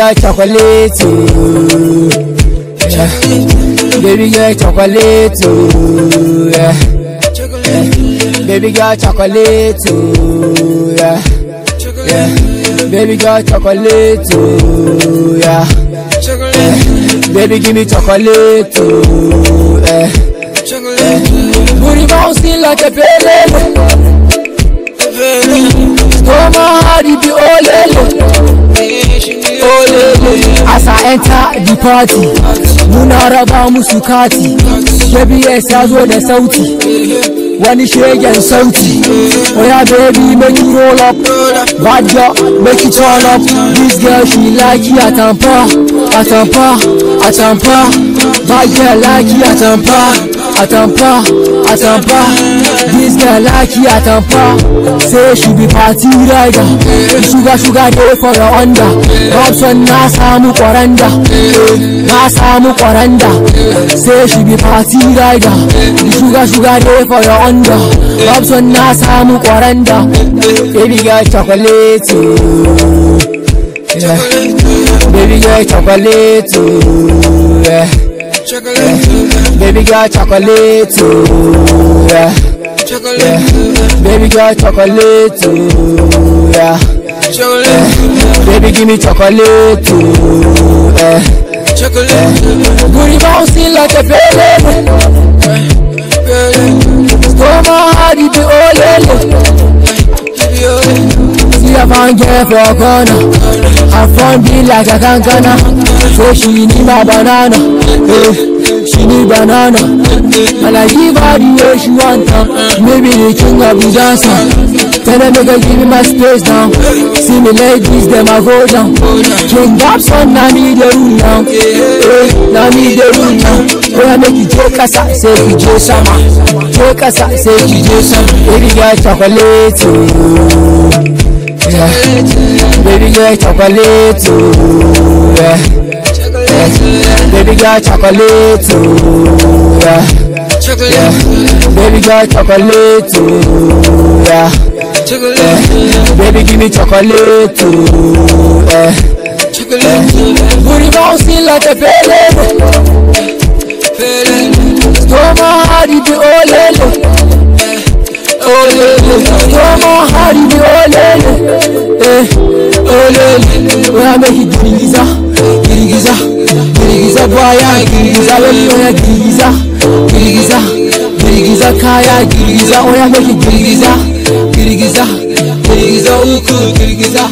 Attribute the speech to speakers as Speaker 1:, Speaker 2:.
Speaker 1: girl chocolate ooh. Yeah. Baby girl chocolate ooh. Yeah. Yeah. Baby girl chocolate ooh. Yeah. Yeah. Baby girl chocolate ooh. Yeah. Yeah. Baby give me chocolate ooh. Yeah. Yeah. Booty bouncing like a baby. enter the party muna raba musu kati jbs ya zo da sauti wani shegen sauti oya oh, baby make you roll up bad girl make you turn up this girl she like you atampa atampa atampa bad girl like you atampa attends pas, attends pas. This girl like you, attends pas. Say she be party rider. Sugar, sugar day for your under. Robson na samu kwaranda, na samu kwaranda. Say she be party rider. Sugar, sugar day for your under. Robson na samu kwaranda. Baby girl chocolate oh. Yeah. Baby girl chocolate oh. Yeah. Chocolate. Baby girl, chocolate. Too. Oh, yeah. Chocolate. Yeah. Baby girl, chocolate. Too. Oh, yeah. Chocolate. Yeah. Baby, give me chocolate. Too. Oh, yeah. Chocolate. Booty bouncing like a ballet. one girl for corner her front be like a kankana so she need my banana hey, she need banana and i give her the way she want maybe the king of the dancer Tell them they give me my space now. See me like this, them I go down. King Dobson, I need the room now. Hey, eh, now need the room now. When I make you joke, I say you joke sama. Joke, I say you Baby girl, chocolate. Oh. yeah. Baby girl, chocolate, too, oh, yeah. yeah. Baby girl, chocolate, too, oh, yeah. yeah. Baby girl, chocolate, too, oh, yeah. yeah. Baby, give me chocolate, too, yeah. yeah. Booty bouncing like a ballet. Storm on how you do, oh, lele. Oh, lele. on how you abeki girigiza girigiza girigiza baya girigiza loli oya girigiza girigiza girigiza kaya girigiza oya abeki girigiza girigiza girigiza uku girigiza